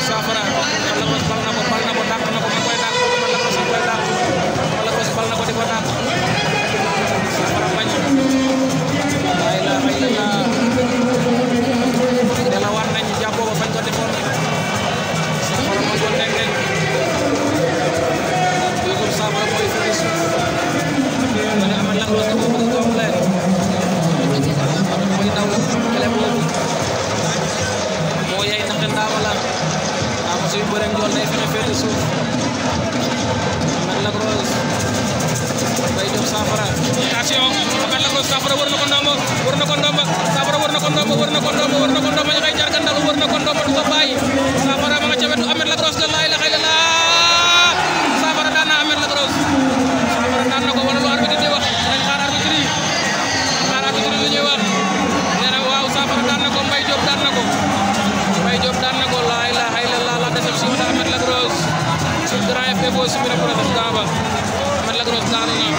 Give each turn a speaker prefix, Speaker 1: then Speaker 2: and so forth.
Speaker 1: saafara
Speaker 2: suuf
Speaker 3: Lac Rose bay jox saafara attention Lac Rose saafara war na ko
Speaker 4: ndomba war na ko ndomba
Speaker 5: saafara war na ko ndomba war na ko ndomba war na ko
Speaker 4: ndomba ñu koy jar gànnaaw war na ko ndomba du ko
Speaker 6: bàyyi saafara ma nga ca wetu Ahmed Lac Rose la laa ilaaha illallaah saafara daan na Ahmed Lac Rose saafara daan na ko wala lu arbitre di wax nañ xaar arbitre yi
Speaker 3: xaar arbitre yi lu ñuy wax sumira pura das dabas
Speaker 5: amat lagros lani